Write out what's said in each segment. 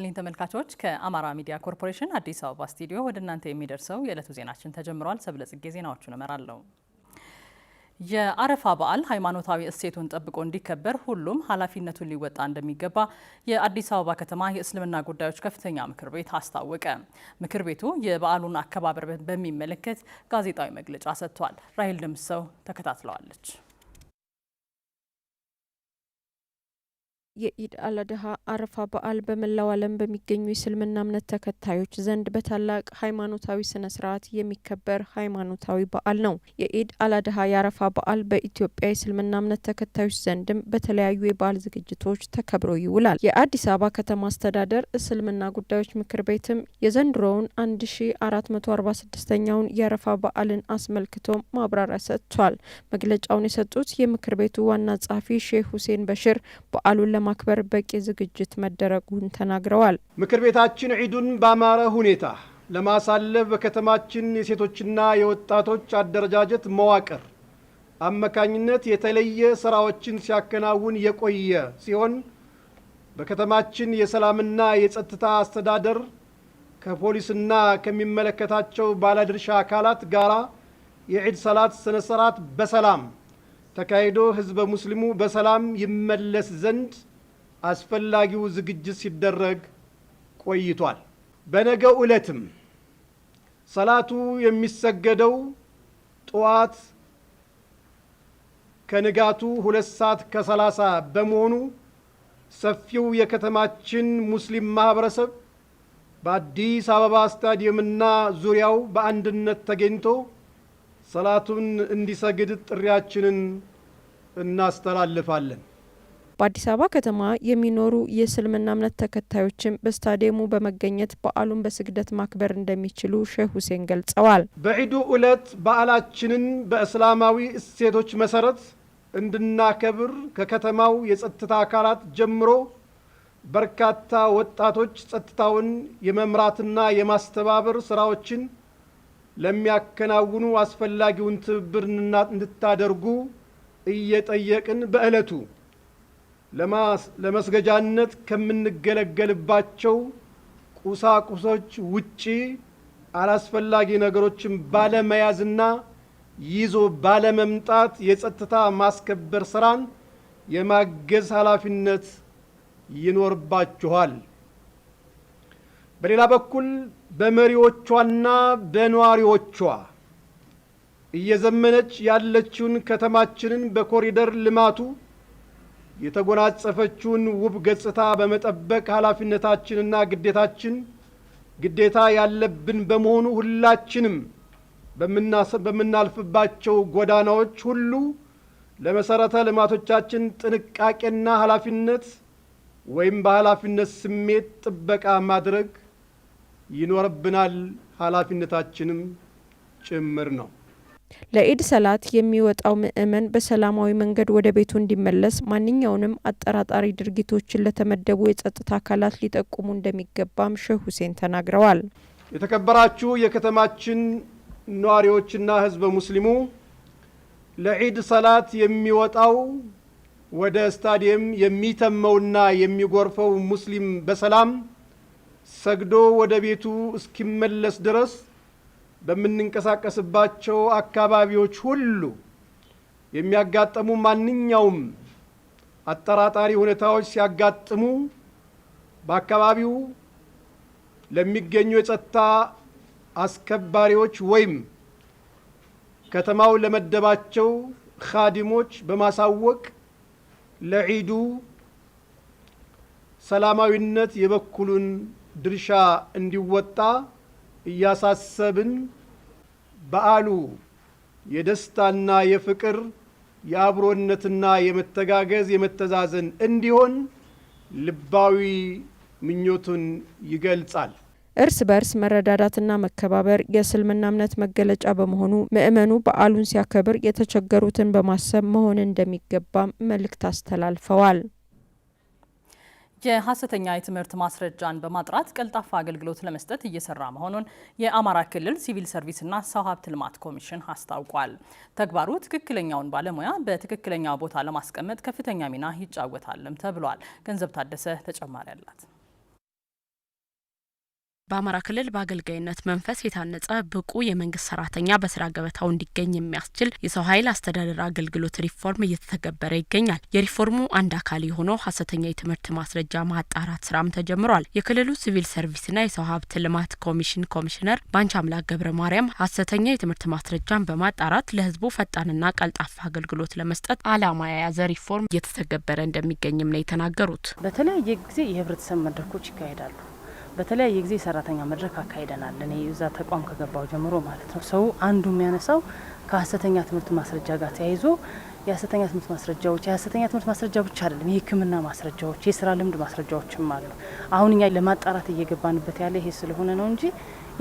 ይስጥልኝ ተመልካቾች፣ ከአማራ ሚዲያ ኮርፖሬሽን አዲስ አበባ ስቱዲዮ ወደ እናንተ የሚደርሰው የዕለቱ ዜናችን ተጀምሯል። ሰብለጽጌ ዜናዎቹን እመራለሁ። የአረፋ በዓል ሃይማኖታዊ እሴቱን ጠብቆ እንዲከበር ሁሉም ኃላፊነቱን ሊወጣ እንደሚገባ የአዲስ አበባ ከተማ የእስልምና ጉዳዮች ከፍተኛ ምክር ቤት አስታወቀ። ምክር ቤቱ የበዓሉን አከባበር በሚመለከት ጋዜጣዊ መግለጫ ሰጥቷል። ራሄል ደምሰው ተከታትለዋለች። የኢድ አላድሃ አረፋ በዓል በመላው ዓለም በሚገኙ የእስልምና እምነት ተከታዮች ዘንድ በታላቅ ሃይማኖታዊ ስነ ስርዓት የሚከበር ሃይማኖታዊ በዓል ነው። የኢድ አላድሃ የአረፋ በዓል በኢትዮጵያ የእስልምና እምነት ተከታዮች ዘንድም በተለያዩ የበዓል ዝግጅቶች ተከብሮ ይውላል። የአዲስ አበባ ከተማ አስተዳደር እስልምና ጉዳዮች ምክር ቤትም የዘንድሮውን 1446ኛውን የአረፋ በዓልን አስመልክቶ ማብራሪያ ሰጥቷል። መግለጫውን የሰጡት የምክር ቤቱ ዋና ጸሐፊ ሼህ ሁሴን በሽር በዓሉን ለማ ለማክበር በቂ ዝግጅት መደረጉን ተናግረዋል። ምክር ቤታችን ዒዱን ባማረ ሁኔታ ለማሳለፍ በከተማችን የሴቶችና የወጣቶች አደረጃጀት መዋቅር አማካኝነት የተለየ ስራዎችን ሲያከናውን የቆየ ሲሆን በከተማችን የሰላምና የጸጥታ አስተዳደር ከፖሊስና ከሚመለከታቸው ባለድርሻ አካላት ጋር የዒድ ሰላት ስነ ስርዓት በሰላም ተካሂዶ ህዝበ ሙስሊሙ በሰላም ይመለስ ዘንድ አስፈላጊው ዝግጅት ሲደረግ ቆይቷል። በነገው ዕለትም ሰላቱ የሚሰገደው ጠዋት ከንጋቱ ሁለት ሰዓት ከሰላሳ በመሆኑ ሰፊው የከተማችን ሙስሊም ማህበረሰብ በአዲስ አበባ ስታዲየምና ዙሪያው በአንድነት ተገኝቶ ሰላቱን እንዲሰግድ ጥሪያችንን እናስተላልፋለን። በአዲስ አበባ ከተማ የሚኖሩ የእስልምና እምነት ተከታዮችም በስታዲየሙ በመገኘት በዓሉን በስግደት ማክበር እንደሚችሉ ሼህ ሁሴን ገልጸዋል። በዒዱ ዕለት በዓላችንን በእስላማዊ እሴቶች መሰረት እንድናከብር ከከተማው የጸጥታ አካላት ጀምሮ በርካታ ወጣቶች ጸጥታውን የመምራትና የማስተባበር ስራዎችን ለሚያከናውኑ አስፈላጊውን ትብብር እንድታደርጉ እየጠየቅን በዕለቱ ለመስገጃነት ከምንገለገልባቸው ቁሳቁሶች ውጪ አላስፈላጊ ነገሮችን ባለመያዝና ይዞ ባለመምጣት የጸጥታ ማስከበር ስራን የማገዝ ኃላፊነት ይኖርባችኋል። በሌላ በኩል በመሪዎቿና በነዋሪዎቿ እየዘመነች ያለችውን ከተማችንን በኮሪደር ልማቱ የተጎናጸፈችውን ውብ ገጽታ በመጠበቅ ኃላፊነታችንና ግዴታችን ግዴታ ያለብን በመሆኑ ሁላችንም በምናልፍባቸው ጎዳናዎች ሁሉ ለመሠረተ ልማቶቻችን ጥንቃቄና ኃላፊነት ወይም በኃላፊነት ስሜት ጥበቃ ማድረግ ይኖርብናል። ኃላፊነታችንም ጭምር ነው። ለኢድ ሰላት የሚወጣው ምእመን በሰላማዊ መንገድ ወደ ቤቱ እንዲመለስ ማንኛውንም አጠራጣሪ ድርጊቶችን ለተመደቡ የጸጥታ አካላት ሊጠቁሙ እንደሚገባም ሼህ ሁሴን ተናግረዋል። የተከበራችሁ የከተማችን ነዋሪዎችና ህዝበ ሙስሊሙ ለዒድ ሰላት የሚወጣው ወደ ስታዲየም የሚተመውና የሚጎርፈው ሙስሊም በሰላም ሰግዶ ወደ ቤቱ እስኪመለስ ድረስ በምንንቀሳቀስባቸው አካባቢዎች ሁሉ የሚያጋጥሙ ማንኛውም አጠራጣሪ ሁኔታዎች ሲያጋጥሙ በአካባቢው ለሚገኙ የጸጥታ አስከባሪዎች ወይም ከተማው ለመደባቸው ካዲሞች በማሳወቅ ለዒዱ ሰላማዊነት የበኩሉን ድርሻ እንዲወጣ እያሳሰብን በዓሉ የደስታና የፍቅር የአብሮነትና የመተጋገዝ የመተዛዘን እንዲሆን ልባዊ ምኞቱን ይገልጻል። እርስ በእርስ መረዳዳትና መከባበር የእስልምና እምነት መገለጫ በመሆኑ ምእመኑ በዓሉን ሲያከብር የተቸገሩትን በማሰብ መሆን እንደሚገባም መልእክት አስተላልፈዋል። የሀሰተኛ የትምህርት ማስረጃን በማጥራት ቀልጣፋ አገልግሎት ለመስጠት እየሰራ መሆኑን የአማራ ክልል ሲቪል ሰርቪስና ሰው ሀብት ልማት ኮሚሽን አስታውቋል። ተግባሩ ትክክለኛውን ባለሙያ በትክክለኛ ቦታ ለማስቀመጥ ከፍተኛ ሚና ይጫወታልም ተብሏል። ገንዘብ ታደሰ ተጨማሪ አላት። በአማራ ክልል በአገልጋይነት መንፈስ የታነጸ ብቁ የመንግስት ሰራተኛ በስራ ገበታው እንዲገኝ የሚያስችል የሰው ኃይል አስተዳደር አገልግሎት ሪፎርም እየተተገበረ ይገኛል። የሪፎርሙ አንድ አካል የሆነው ሀሰተኛ የትምህርት ማስረጃ ማጣራት ስራም ተጀምሯል። የክልሉ ሲቪል ሰርቪስና የሰው ሀብት ልማት ኮሚሽን ኮሚሽነር ባንች አምላክ ገብረ ማርያም ሀሰተኛ የትምህርት ማስረጃን በማጣራት ለህዝቡ ፈጣንና ቀልጣፋ አገልግሎት ለመስጠት አላማ የያዘ ሪፎርም እየተተገበረ እንደሚገኝም ነው የተናገሩት። በተለያየ ጊዜ የህብረተሰብ መድረኮች ይካሄዳሉ። በተለያየ ጊዜ ሰራተኛ መድረክ አካሂደናል። እኔ እዛ ተቋም ከገባው ጀምሮ ማለት ነው። ሰው አንዱ የሚያነሳው ከሀሰተኛ ትምህርት ማስረጃ ጋር ተያይዞ የሀሰተኛ ትምህርት ማስረጃዎች የሀሰተኛ ትምህርት ማስረጃ ብቻ አይደለም፣ የሕክምና ማስረጃዎች፣ የስራ ልምድ ማስረጃዎችም አሉ። አሁን እኛ ለማጣራት እየገባንበት ያለ ይሄ ስለሆነ ነው እንጂ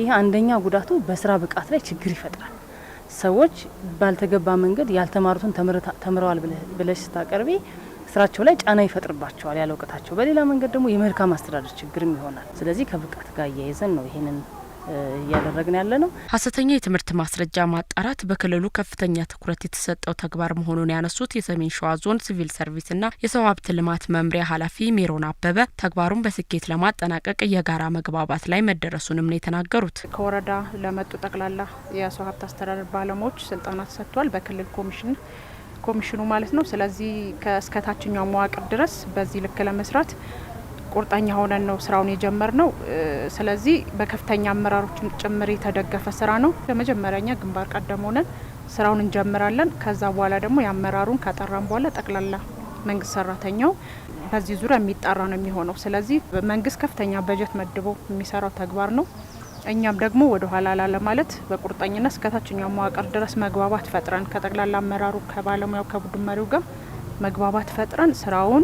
ይህ አንደኛ ጉዳቱ በስራ ብቃት ላይ ችግር ይፈጥራል። ሰዎች ባልተገባ መንገድ ያልተማሩትን ተምረዋል ብለሽ ስታቀርቢ ስራቸው ላይ ጫና ይፈጥርባቸዋል ያለ እውቀታቸው። በሌላ መንገድ ደግሞ የመልካም አስተዳደር ችግርም ይሆናል። ስለዚህ ከብቃት ጋር እያይዘን ነው ይሄንን እያደረግን ያለ ነው። ሀሰተኛ የትምህርት ማስረጃ ማጣራት በክልሉ ከፍተኛ ትኩረት የተሰጠው ተግባር መሆኑን ያነሱት የሰሜን ሸዋ ዞን ሲቪል ሰርቪስና የሰው ሀብት ልማት መምሪያ ኃላፊ ሜሮን አበበ ተግባሩን በስኬት ለማጠናቀቅ የጋራ መግባባት ላይ መደረሱንም ነው የተናገሩት። ከወረዳ ለመጡ ጠቅላላ የሰው ሀብት አስተዳደር ባለሙያዎች ስልጠና ተሰጥቷል። በክልል ኮሚሽን ኮሚሽኑ ማለት ነው። ስለዚህ እስከ ታችኛው መዋቅር ድረስ በዚህ ልክ ለመስራት ቁርጠኛ ሆነን ነው ስራውን የጀመር ነው። ስለዚህ በከፍተኛ አመራሮች ጭምር የተደገፈ ስራ ነው። በመጀመሪያኛ ግንባር ቀደም ሆነን ስራውን እንጀምራለን። ከዛ በኋላ ደግሞ የአመራሩን ከጠራን በኋላ ጠቅላላ መንግስት ሰራተኛው በዚህ ዙሪያ የሚጣራ ነው የሚሆነው። ስለዚህ መንግስት ከፍተኛ በጀት መድቦ የሚሰራው ተግባር ነው። እኛም ደግሞ ወደ ኋላ ላለ ማለት በቁርጠኝነት እስከታችኛው መዋቅር ድረስ መግባባት ፈጥረን ከጠቅላላ አመራሩ ከባለሙያው ከቡድን መሪው ጋር መግባባት ፈጥረን ስራውን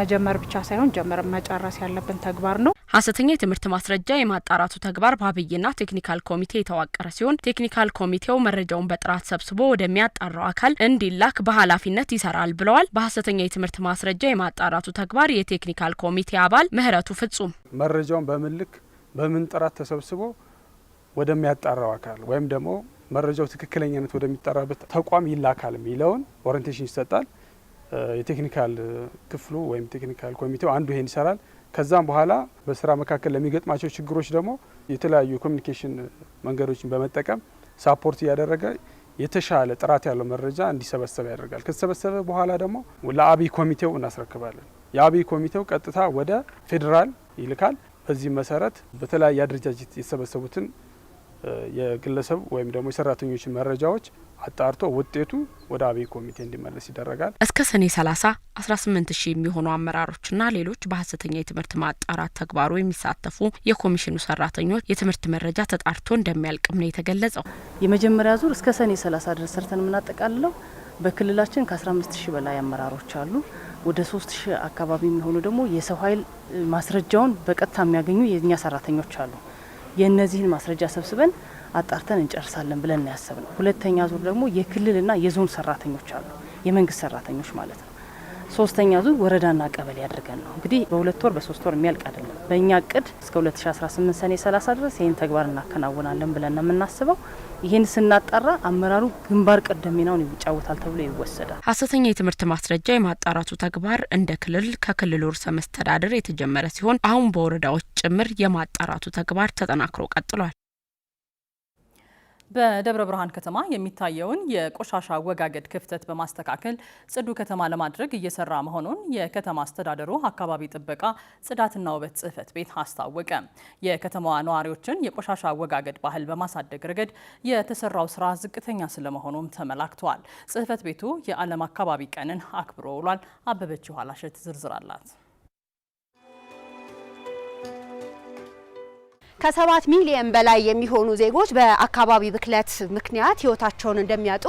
መጀመር ብቻ ሳይሆን ጀምረን መጨረስ ያለብን ተግባር ነው። ሀሰተኛ የትምህርት ማስረጃ የማጣራቱ ተግባር በአብይና ቴክኒካል ኮሚቴ የተዋቀረ ሲሆን ቴክኒካል ኮሚቴው መረጃውን በጥራት ሰብስቦ ወደሚያጣራው አካል እንዲላክ በኃላፊነት ይሰራል ብለዋል። በሀሰተኛ የትምህርት ማስረጃ የማጣራቱ ተግባር የቴክኒካል ኮሚቴ አባል ምህረቱ ፍጹም መረጃውን በምልክ በምን ጥራት ተሰብስቦ ወደሚያጣራው አካል ወይም ደግሞ መረጃው ትክክለኛነት ወደሚጣራበት ተቋም ይላካል የሚለውን ኦሪንቴሽን ይሰጣል። የቴክኒካል ክፍሉ ወይም ቴክኒካል ኮሚቴው አንዱ ይሄን ይሰራል። ከዛም በኋላ በስራ መካከል ለሚገጥማቸው ችግሮች ደግሞ የተለያዩ የኮሚኒኬሽን መንገዶችን በመጠቀም ሳፖርት እያደረገ የተሻለ ጥራት ያለው መረጃ እንዲሰበሰብ ያደርጋል። ከተሰበሰበ በኋላ ደግሞ ለአብይ ኮሚቴው እናስረክባለን። የአብይ ኮሚቴው ቀጥታ ወደ ፌዴራል ይልካል። በዚህ መሰረት በተለያየ አደረጃጀት የተሰበሰቡትን የግለሰብ ወይም ደግሞ የሰራተኞችን መረጃዎች አጣርቶ ውጤቱ ወደ አብይ ኮሚቴ እንዲመለስ ይደረጋል። እስከ ሰኔ 30 18 ሺህ የሚሆኑ አመራሮችና ሌሎች በሀሰተኛ የትምህርት ማጣራት ተግባሩ የሚሳተፉ የኮሚሽኑ ሰራተኞች የትምህርት መረጃ ተጣርቶ እንደሚያልቅም ነው የተገለጸው። የመጀመሪያ ዙር እስከ ሰኔ 30 ድረስ ሰርተን የምናጠቃልለው በክልላችን ከ15 ሺህ በላይ አመራሮች አሉ። ወደ ሶስት ሺህ አካባቢ የሚሆኑ ደግሞ የሰው ኃይል ማስረጃውን በቀጥታ የሚያገኙ የእኛ ሰራተኞች አሉ። የእነዚህን ማስረጃ ሰብስበን አጣርተን እንጨርሳለን ብለን ነው ያሰብነው። ሁለተኛ ዙር ደግሞ የክልልና የዞን ሰራተኞች አሉ፣ የመንግስት ሰራተኞች ማለት ነው። ሶስተኛ ዙር ወረዳና ቀበሌ ያደርገን ነው። እንግዲህ በሁለት ወር በሶስት ወር የሚያልቅ አይደለም። በእኛ እቅድ እስከ 2018 ሰኔ 30 ድረስ ይህን ተግባር እናከናውናለን ብለን ነው የምናስበው። ይህን ስናጣራ አመራሩ ግንባር ቀደም ሚናውን ይጫወታል ተብሎ ይወሰዳል። ሀሰተኛ የትምህርት ማስረጃ የማጣራቱ ተግባር እንደ ክልል ከክልሉ ርዕሰ መስተዳድር የተጀመረ ሲሆን አሁን በወረዳዎች ጭምር የማጣራቱ ተግባር ተጠናክሮ ቀጥሏል። በደብረ ብርሃን ከተማ የሚታየውን የቆሻሻ አወጋገድ ክፍተት በማስተካከል ጽዱ ከተማ ለማድረግ እየሰራ መሆኑን የከተማ አስተዳደሩ አካባቢ ጥበቃ ጽዳትና ውበት ጽሕፈት ቤት አስታወቀ። የከተማዋ ነዋሪዎችን የቆሻሻ አወጋገድ ባህል በማሳደግ ረገድ የተሰራው ስራ ዝቅተኛ ስለመሆኑም ተመላክቷል። ጽሕፈት ቤቱ የዓለም አካባቢ ቀንን አክብሮ ውሏል። አበበች ኋላሸት ዝርዝር አላት። ከሰባት ሚሊየን በላይ የሚሆኑ ዜጎች በአካባቢ ብክለት ምክንያት ህይወታቸውን እንደሚያጡ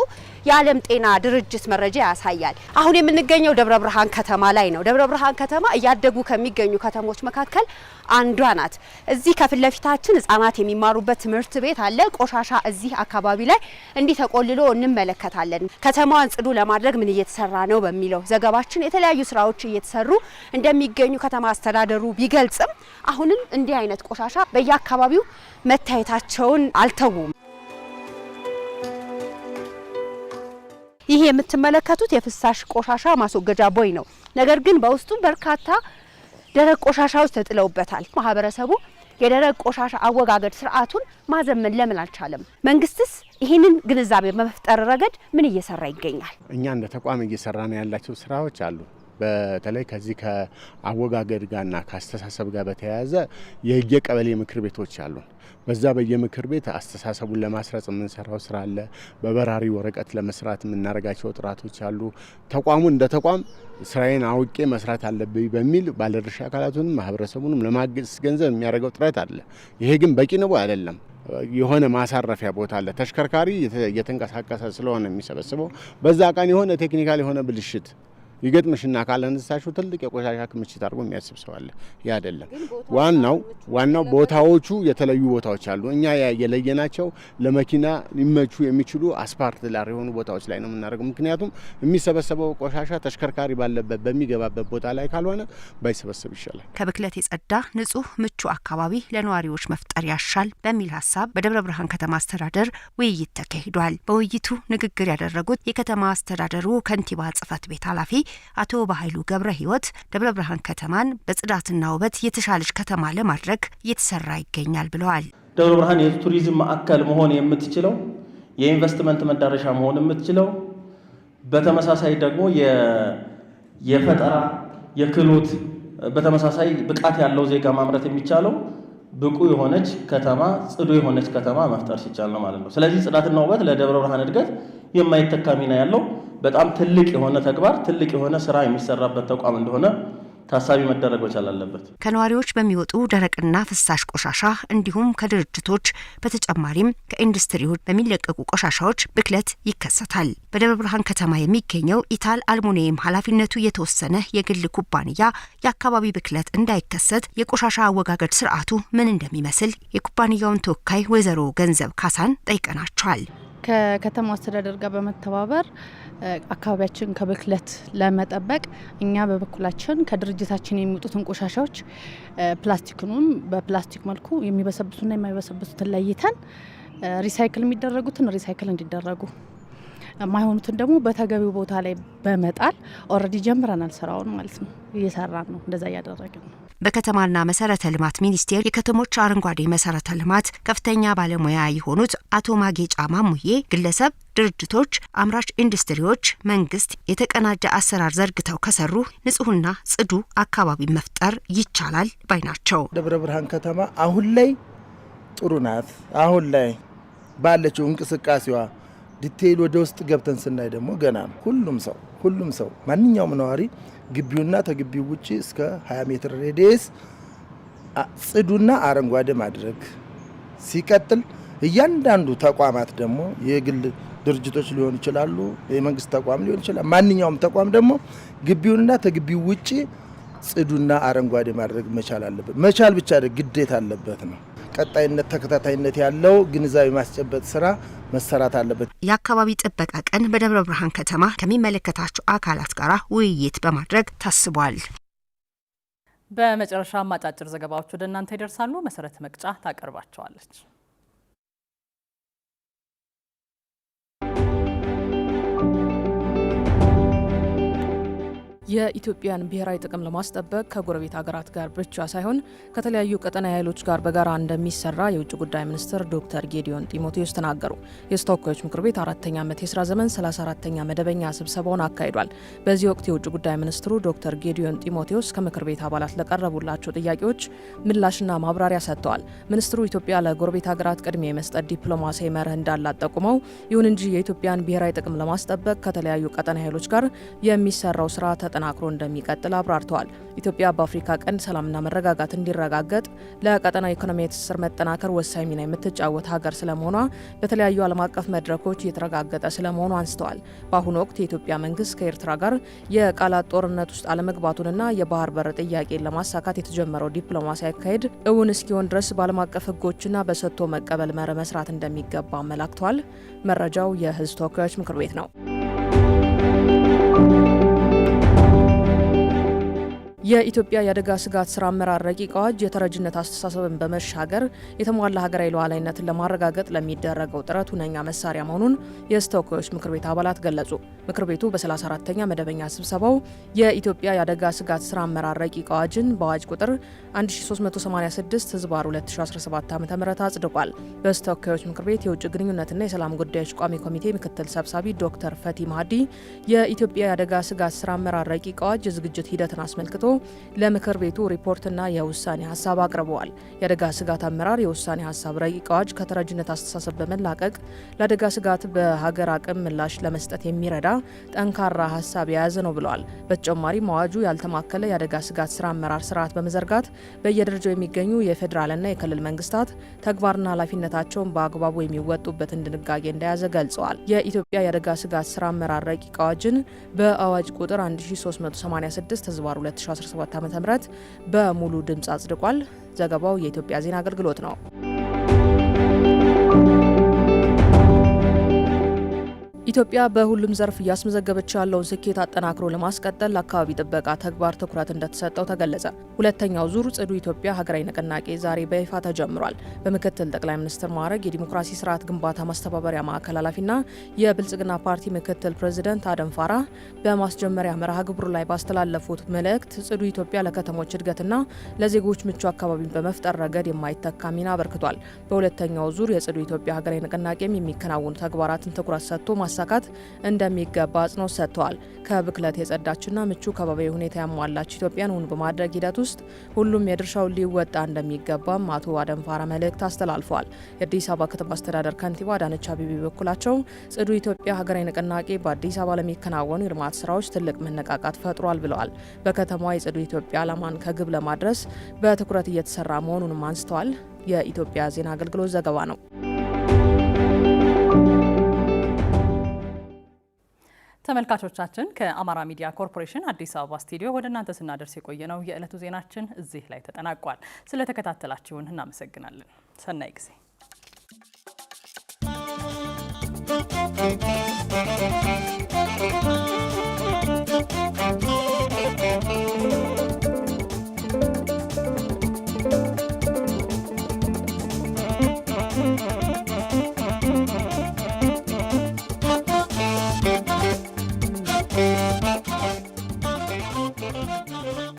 የዓለም ጤና ድርጅት መረጃ ያሳያል። አሁን የምንገኘው ደብረ ብርሃን ከተማ ላይ ነው። ደብረ ብርሃን ከተማ እያደጉ ከሚገኙ ከተሞች መካከል አንዷ ናት። እዚህ ከፊት ለፊታችን ህጻናት የሚማሩበት ትምህርት ቤት አለ። ቆሻሻ እዚህ አካባቢ ላይ እንዲህ ተቆልሎ እንመለከታለን። ከተማዋን ጽዱ ለማድረግ ምን እየተሰራ ነው በሚለው ዘገባችን የተለያዩ ስራዎች እየተሰሩ እንደሚገኙ ከተማ አስተዳደሩ ቢገልጽም አሁንም እንዲህ አይነት ቆሻሻ በየአካባቢው መታየታቸውን አልተዉም። ይህ የምትመለከቱት የፍሳሽ ቆሻሻ ማስወገጃ ቦይ ነው። ነገር ግን በውስጡ በርካታ ደረቅ ቆሻሻዎች ተጥለውበታል። ማህበረሰቡ የደረቅ ቆሻሻ አወጋገድ ስርዓቱን ማዘመን ለምን አልቻለም? መንግስትስ ይህንን ግንዛቤ በመፍጠር ረገድ ምን እየሰራ ይገኛል? እኛ እንደ ተቋም እየሰራ ነው ያላቸው ስራዎች አሉ በተለይ ከዚህ ከአወጋገድ ጋርና ከአስተሳሰብ ጋር በተያያዘ የየቀበሌ ምክር ቤቶች አሉን። በዛ በየምክር ቤት አስተሳሰቡን ለማስረጽ የምንሰራው ስራ አለ። በበራሪ ወረቀት ለመስራት የምናደርጋቸው ጥራቶች አሉ። ተቋሙ እንደ ተቋም ስራዬን አውቄ መስራት አለብኝ በሚል ባለድርሻ አካላቱንም ማህበረሰቡንም ለማገንዘብ የሚያደርገው ጥረት አለ። ይሄ ግን በቂ ንቦ አይደለም። የሆነ ማሳረፊያ ቦታ አለ። ተሽከርካሪ እየተንቀሳቀሰ ስለሆነ የሚሰበስበው በዛ ቀን የሆነ ቴክኒካል የሆነ ብልሽት ይገጥምሽና ካላነሳሽው ትልቅ የቆሻሻ ክምችት አድርጎ የሚያስብ ሰው አለ። ይህ አይደለም ዋናው። ዋናው ቦታዎቹ የተለዩ ቦታዎች አሉ። እኛ የለየናቸው ለመኪና ሊመቹ የሚችሉ አስፓልት ዳር የሆኑ ቦታዎች ላይ ነው የምናደርገው። ምክንያቱም የሚሰበሰበው ቆሻሻ ተሽከርካሪ ባለበት በሚገባበት ቦታ ላይ ካልሆነ ባይሰበሰብ ይሻላል። ከብክለት የጸዳ ንጹህ፣ ምቹ አካባቢ ለነዋሪዎች መፍጠር ያሻል በሚል ሀሳብ በደብረ ብርሃን ከተማ አስተዳደር ውይይት ተካሂዷል። በውይይቱ ንግግር ያደረጉት የከተማ አስተዳደሩ ከንቲባ ጽህፈት ቤት ኃላፊ አቶ በኃይሉ ገብረ ህይወት ደብረ ብርሃን ከተማን በጽዳትና ውበት የተሻለች ከተማ ለማድረግ እየተሰራ ይገኛል ብለዋል። ደብረ ብርሃን የቱሪዝም ማዕከል መሆን የምትችለው የኢንቨስትመንት መዳረሻ መሆን የምትችለው በተመሳሳይ ደግሞ የፈጠራ የክህሎት በተመሳሳይ ብቃት ያለው ዜጋ ማምረት የሚቻለው ብቁ የሆነች ከተማ ጽዱ የሆነች ከተማ መፍጠር ሲቻል ነው ማለት ነው። ስለዚህ ጽዳትና ውበት ለደብረ ብርሃን እድገት የማይተካ ሚና ያለው በጣም ትልቅ የሆነ ተግባር ትልቅ የሆነ ስራ የሚሰራበት ተቋም እንደሆነ ታሳቢ መደረግ መቻል አለበት። ከነዋሪዎች በሚወጡ ደረቅና ፍሳሽ ቆሻሻ እንዲሁም ከድርጅቶች በተጨማሪም ከኢንዱስትሪዎች በሚለቀቁ ቆሻሻዎች ብክለት ይከሰታል። በደብረ ብርሃን ከተማ የሚገኘው ኢታል አልሙኒየም ኃላፊነቱ የተወሰነ የግል ኩባንያ የአካባቢ ብክለት እንዳይከሰት የቆሻሻ አወጋገድ ስርዓቱ ምን እንደሚመስል የኩባንያውን ተወካይ ወይዘሮ ገንዘብ ካሳን ጠይቀናቸዋል። ከከተማ አስተዳደር ጋር በመተባበር አካባቢያችን ከብክለት ለመጠበቅ እኛ በበኩላችን ከድርጅታችን የሚወጡትን ቆሻሻዎች ፕላስቲክንም በፕላስቲክ መልኩ የሚበሰብሱና የማይበሰብሱትን ለይተን ሪሳይክል የሚደረጉትን ሪሳይክል እንዲደረጉ የማይሆኑትን ደግሞ በተገቢው ቦታ ላይ በመጣል ኦልሬዲ ጀምረናል ስራውን ማለት ነው። እየሰራን ነው፣ እንደዛ እያደረግን ነው። በከተማና መሰረተ ልማት ሚኒስቴር የከተሞች አረንጓዴ መሰረተ ልማት ከፍተኛ ባለሙያ የሆኑት አቶ ማጌጫ ማሙዬ ግለሰብ፣ ድርጅቶች፣ አምራች ኢንዱስትሪዎች፣ መንግስት የተቀናጀ አሰራር ዘርግተው ከሰሩ ንጹህና ጽዱ አካባቢ መፍጠር ይቻላል ባይ ናቸው። ደብረ ብርሃን ከተማ አሁን ላይ ጥሩ ናት። አሁን ላይ ባለችው እንቅስቃሴዋ ዲቴይል ወደ ውስጥ ገብተን ስናይ ደግሞ ገና ነው። ሁሉም ሰው ሁሉም ሰው ማንኛውም ነዋሪ ግቢውና ተግቢው ውጭ እስከ 20 ሜትር ሬዲየስ ጽዱና አረንጓዴ ማድረግ ሲቀጥል እያንዳንዱ ተቋማት ደግሞ የግል ድርጅቶች ሊሆን ይችላሉ፣ የመንግስት ተቋም ሊሆን ይችላል። ማንኛውም ተቋም ደግሞ ግቢውንና ተግቢው ውጭ ጽዱና አረንጓዴ ማድረግ መቻል አለበት። መቻል ብቻ ግዴታ አለበት ነው። ቀጣይነት፣ ተከታታይነት ያለው ግንዛቤ ማስጨበጥ ስራ መሰራት አለበት። የአካባቢ ጥበቃ ቀን በደብረ ብርሃን ከተማ ከሚመለከታቸው አካላት ጋር ውይይት በማድረግ ታስቧል። በመጨረሻ አጫጭር ዘገባዎች ወደ እናንተ ይደርሳሉ። መሰረት መቅጫ ታቀርባቸዋለች። የኢትዮጵያን ብሔራዊ ጥቅም ለማስጠበቅ ከጎረቤት ሀገራት ጋር ብቻ ሳይሆን ከተለያዩ ቀጠና ኃይሎች ጋር በጋራ እንደሚሰራ የውጭ ጉዳይ ሚኒስትር ዶክተር ጌዲዮን ጢሞቴዎስ ተናገሩ። የተወካዮች ምክር ቤት አራተኛ ዓመት የስራ ዘመን 34ተኛ መደበኛ ስብሰባውን አካሂዷል። በዚህ ወቅት የውጭ ጉዳይ ሚኒስትሩ ዶክተር ጌዲዮን ጢሞቴዎስ ከምክር ቤት አባላት ለቀረቡላቸው ጥያቄዎች ምላሽና ማብራሪያ ሰጥተዋል። ሚኒስትሩ ኢትዮጵያ ለጎረቤት ሀገራት ቅድሚያ የመስጠት ዲፕሎማሲያዊ መርህ እንዳላት ጠቁመው፣ ይሁን እንጂ የኢትዮጵያን ብሔራዊ ጥቅም ለማስጠበቅ ከተለያዩ ቀጠና ኃይሎች ጋር የሚሰራው ስራ ተጠ ተጠናክሮ እንደሚቀጥል አብራርተዋል። ኢትዮጵያ በአፍሪካ ቀንድ ሰላምና መረጋጋት እንዲረጋገጥ ለቀጠናው ኢኮኖሚ ትስስር መጠናከር ወሳኝ ሚና የምትጫወት ሀገር ስለመሆኗ በተለያዩ ዓለም አቀፍ መድረኮች እየተረጋገጠ ስለመሆኑ አንስተዋል። በአሁኑ ወቅት የኢትዮጵያ መንግስት ከኤርትራ ጋር የቃላት ጦርነት ውስጥ አለመግባቱንና የባህር በር ጥያቄን ለማሳካት የተጀመረው ዲፕሎማሲ አካሄድ እውን እስኪሆን ድረስ በዓለም አቀፍ ህጎችና በሰጥቶ መቀበል መርህ መስራት እንደሚገባ አመላክተዋል። መረጃው የህዝብ ተወካዮች ምክር ቤት ነው። የኢትዮጵያ የአደጋ ስጋት ስራ አመራር ረቂቅ አዋጅ የተረጅነት አስተሳሰብን በመሻገር የተሟላ ሀገራዊ ሉዓላዊነትን ለማረጋገጥ ለሚደረገው ጥረት ሁነኛ መሳሪያ መሆኑን የተወካዮች ምክር ቤት አባላት ገለጹ። ምክር ቤቱ በ34ተኛ መደበኛ ስብሰባው የኢትዮጵያ የአደጋ ስጋት ስራ አመራር ረቂቅ አዋጅን በአዋጅ ቁጥር 1386 ህዝባር 2017 ዓ ም አጽድቋል። በተወካዮች ምክር ቤት የውጭ ግንኙነትና የሰላም ጉዳዮች ቋሚ ኮሚቴ ምክትል ሰብሳቢ ዶክተር ፈቲ ማህዲ የኢትዮጵያ የአደጋ ስጋት ስራ አመራር ረቂቅ አዋጅ የዝግጅት ሂደትን አስመልክቶ ለምክር ቤቱ ሪፖርትና የውሳኔ ሀሳብ አቅርበዋል። የአደጋ ስጋት አመራር የውሳኔ ሀሳብ ረቂቅ አዋጅ ከተረጅነት አስተሳሰብ በመላቀቅ ለአደጋ ስጋት በሀገር አቅም ምላሽ ለመስጠት የሚረዳ ጠንካራ ሀሳብ የያዘ ነው ብለዋል። በተጨማሪም አዋጁ ያልተማከለ የአደጋ ስጋት ስራ አመራር ስርዓት በመዘርጋት በየደረጃው የሚገኙ የፌዴራልና የክልል መንግስታት ተግባርና ኃላፊነታቸውን በአግባቡ የሚወጡበትን ድንጋጌ እንደያዘ ገልጸዋል። የኢትዮጵያ የአደጋ ስጋት ስራ አመራር ረቂቅ አዋጅን በአዋጅ ቁጥር 1386 ህዝባር 2016 2017 ዓ ም በሙሉ ድምፅ አጽድቋል። ዘገባው የኢትዮጵያ ዜና አገልግሎት ነው። ኢትዮጵያ በሁሉም ዘርፍ እያስመዘገበች ያለውን ስኬት አጠናክሮ ለማስቀጠል ለአካባቢ ጥበቃ ተግባር ትኩረት እንደተሰጠው ተገለጸ። ሁለተኛው ዙር ጽዱ ኢትዮጵያ ሀገራዊ ንቅናቄ ዛሬ በይፋ ተጀምሯል። በምክትል ጠቅላይ ሚኒስትር ማዕረግ የዲሞክራሲ ስርዓት ግንባታ ማስተባበሪያ ማዕከል ኃላፊና የብልጽግና ፓርቲ ምክትል ፕሬዚደንት አደም ፋራ በማስጀመሪያ መርሃ ግብሩ ላይ ባስተላለፉት መልእክት ጽዱ ኢትዮጵያ ለከተሞች እድገትና ለዜጎች ምቹ አካባቢን በመፍጠር ረገድ የማይተካ ሚና አበርክቷል። በሁለተኛው ዙር የጽዱ ኢትዮጵያ ሀገራዊ ንቅናቄም የሚከናወኑ ተግባራትን ትኩረት ሰጥቶ ማሳካት እንደሚገባ አጽንኦት ሰጥተዋል። ከብክለት የጸዳችና ምቹ ከባቢ ሁኔታ ያሟላች ኢትዮጵያን እውን በማድረግ ሂደት ውስጥ ሁሉም የድርሻውን ሊወጣ እንደሚገባም አቶ አደንፋራ መልእክት አስተላልፈዋል። የአዲስ አበባ ከተማ አስተዳደር ከንቲባ አዳነች አቤቤ በኩላቸው ጽዱ ኢትዮጵያ ሀገራዊ ንቅናቄ በአዲስ አበባ ለሚከናወኑ የልማት ስራዎች ትልቅ መነቃቃት ፈጥሯል ብለዋል። በከተማዋ የጽዱ ኢትዮጵያ ዓላማን ከግብ ለማድረስ በትኩረት እየተሰራ መሆኑንም አንስተዋል። የኢትዮጵያ ዜና አገልግሎት ዘገባ ነው። ተመልካቾቻችን ከአማራ ሚዲያ ኮርፖሬሽን አዲስ አበባ ስቱዲዮ ወደ እናንተ ስናደርስ የቆየነው የዕለቱ ዜናችን እዚህ ላይ ተጠናቋል። ስለተከታተላችሁን እናመሰግናለን። ሰናይ ጊዜ